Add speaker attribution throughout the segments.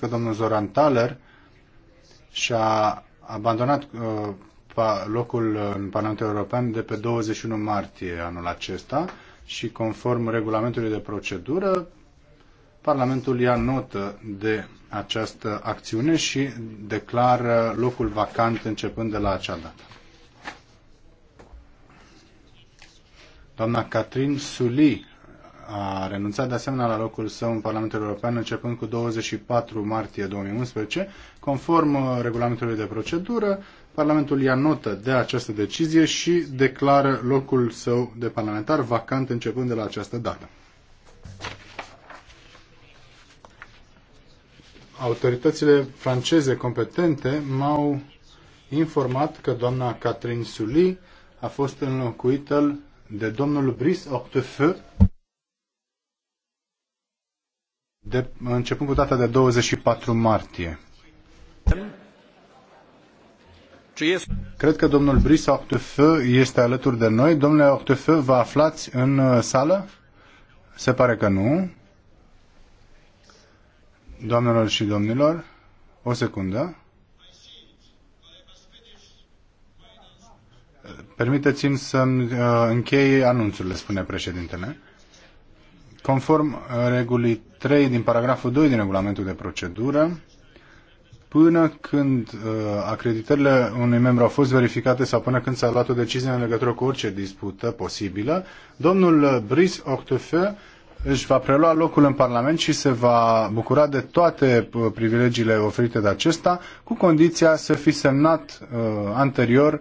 Speaker 1: că domnul Zoran Thaler și-a abandonat uh, locul în Parlamentul European de pe 21 martie anul acesta și conform regulamentului de procedură, Parlamentul ia notă de această acțiune și declară locul vacant începând de la acea dată. Doamna Catherine Suli a renunțat de asemenea la locul său în Parlamentul European începând cu 24 martie 2011. Conform uh, regulamentului de procedură, Parlamentul ia notă de această decizie și declară locul său de parlamentar vacant începând de la această dată. Autoritățile franceze competente m-au informat că doamna Catherine Sully a fost înlocuită de domnul Brice Hortefeux, de, începând cu data de 24 martie. Cred că domnul Brice Octefeu este alături de noi. Domnule Octefeu, vă aflați în uh, sală? Se pare că nu. Doamnelor și domnilor, o secundă. Permiteți-mi să uh, închei anunțurile, spune președintele. Conform uh, regulii 3 din paragraful 2 din regulamentul de procedură, până când uh, acreditările unui membru au fost verificate sau până când s-a luat o decizie în legătură cu orice dispută posibilă, domnul uh, Brice Octefeu își va prelua locul în Parlament și se va bucura de toate uh, privilegiile oferite de acesta, cu condiția să fi semnat uh, anterior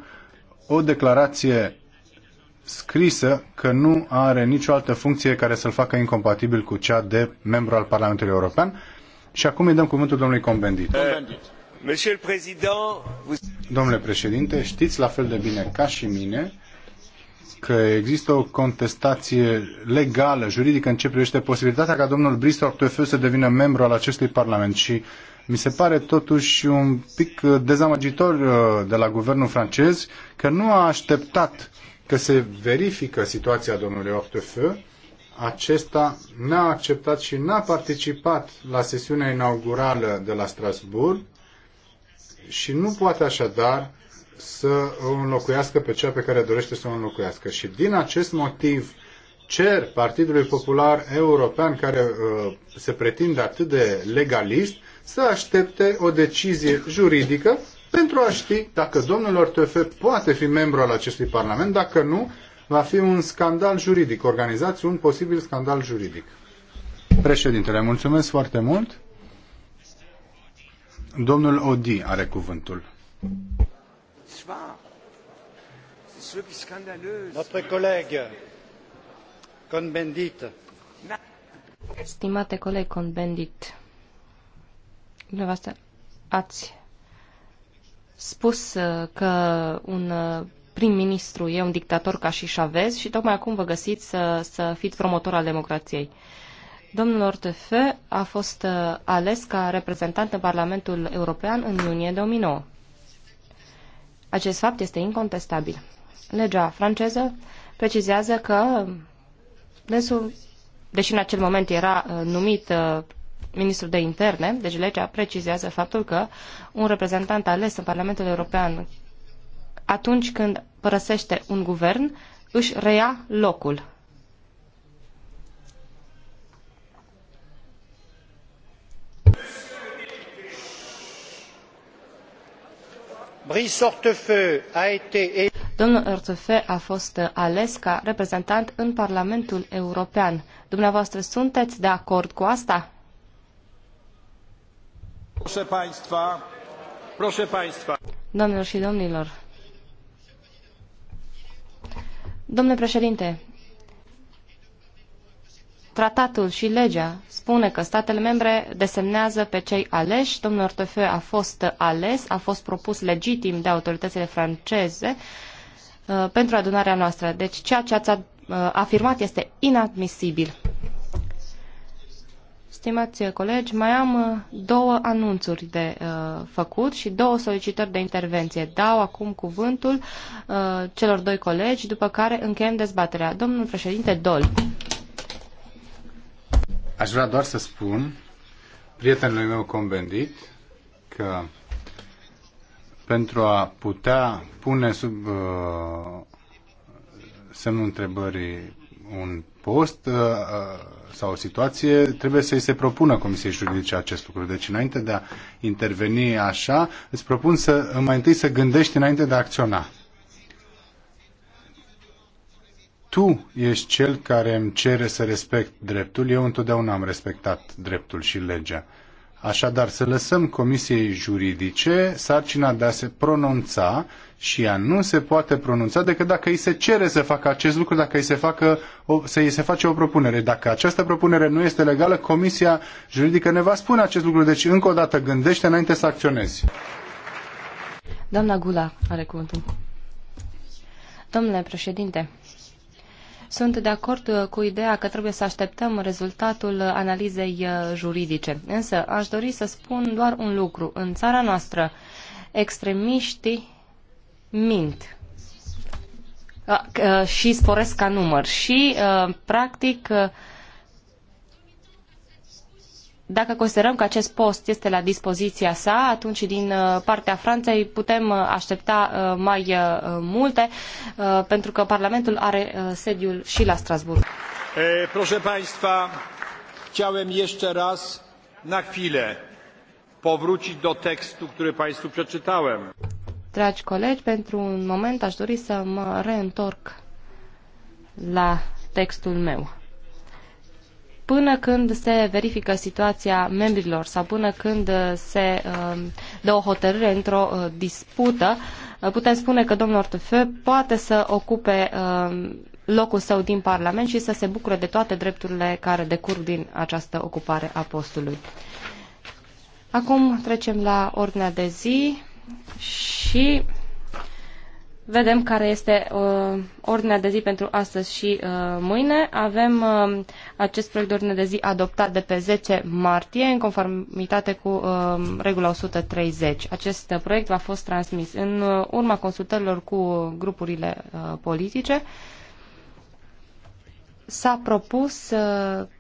Speaker 1: o declarație scrisă că nu are nicio altă funcție care să-l facă incompatibil cu cea de membru al Parlamentului European. Și acum îi dăm cuvântul domnului Combendit. Eh, Domnule președinte, știți la fel de bine ca și mine că există o contestație legală, juridică, în ce privește posibilitatea ca domnul Bristol Toefeu să devină membru al acestui Parlament și mi se pare totuși un pic dezamăgitor eh, de la guvernul francez că nu a așteptat că se verifică situația domnului Ortefeu, acesta n-a acceptat și n-a participat la sesiunea inaugurală de la Strasbourg și nu poate așadar să o înlocuiască pe cea pe care dorește să o înlocuiască. Și din acest motiv cer Partidului Popular European, care uh, se pretinde atât de legalist, să aștepte o decizie juridică pentru a ști dacă domnul Ortefe poate fi membru al acestui Parlament, dacă nu, va fi un scandal juridic. Organizați un posibil scandal juridic. Președintele, mulțumesc foarte mult. Domnul Odi are cuvântul. Notre coleg Conbendit.
Speaker 2: Stimate coleg Conbendit, dumneavoastră ați spus uh, că un uh, prim-ministru e un dictator ca și Chavez și tocmai acum vă găsiți să, să fiți promotor al democrației. Domnul Ortefe a fost uh, ales ca reprezentant în Parlamentul European în iunie 2009. Acest fapt este incontestabil. Legea franceză precizează că deși în acel moment era numit ministrul de interne, deci legea precizează faptul că un reprezentant ales în Parlamentul European atunci când părăsește un guvern, își reia locul.
Speaker 1: Brice Hortefeux a
Speaker 2: été... Domnul Ortefe a fost ales ca reprezentant în Parlamentul European. Dumneavoastră sunteți de acord cu asta? Domnule președinte, tratatul și legea spune că statele membre desemnează pe cei aleși. Domnul Ortefeu a fost ales, a fost propus legitim de autoritățile franceze uh, pentru adunarea noastră. Deci ceea ce ați uh, afirmat este inadmisibil. Stimați colegi, mai am uh, două anunțuri de uh, făcut și două solicitări de intervenție. Dau acum cuvântul uh, celor doi colegi, după care încheiem dezbaterea. Domnul președinte Dol.
Speaker 1: Aș vrea doar să spun prietenului meu convendit că pentru a putea pune sub uh, semnul întrebării un post uh, uh, sau o situație, trebuie să-i se propună Comisiei Juridice acest lucru. Deci înainte de a interveni așa, îți propun să mai întâi să gândești înainte de a acționa. Tu ești cel care îmi cere să respect dreptul, eu întotdeauna am respectat dreptul și legea. Așadar, să lăsăm Comisiei Juridice sarcina de a se pronunța și ea nu se poate pronunța decât dacă îi se cere să facă acest lucru, dacă îi se, facă o, să îi se face o propunere. Dacă această propunere nu este legală, Comisia Juridică ne va spune acest lucru. Deci, încă o dată, gândește înainte să acționezi.
Speaker 2: Doamna Gula are cuvântul. Domnule președinte, sunt de acord uh, cu ideea că trebuie să așteptăm rezultatul uh, analizei uh, juridice. Însă aș dori să spun doar un lucru. În țara noastră, extremiștii mint și sporesc ca număr și, practic, dacă considerăm că acest post este la dispoziția sa, atunci din uh, partea Franței putem uh, aștepta uh, mai multe, pentru că Parlamentul are sediul și la Strasbourg.
Speaker 1: Proszę Państwa, chciałem jeszcze raz na chwilę powrócić do tekstu, który Państwu przeczytałem.
Speaker 2: Dragi colegi, pentru un moment aș dori să mă reîntorc la textul meu până când se verifică situația membrilor sau până când uh, se um, dă o hotărâre într-o uh, dispută, uh, putem spune că domnul Ortefe poate să ocupe um, locul său din Parlament și să se bucure de toate drepturile care decurg din această ocupare a postului. Acum trecem la ordinea de zi și vedem care este uh, ordinea de zi pentru astăzi și uh, mâine. Avem uh, acest proiect de ordine de zi adoptat de pe 10 martie în conformitate cu uh, regula 130. Acest uh, proiect va fost transmis în uh, urma consultărilor cu grupurile uh, politice. S-a propus uh,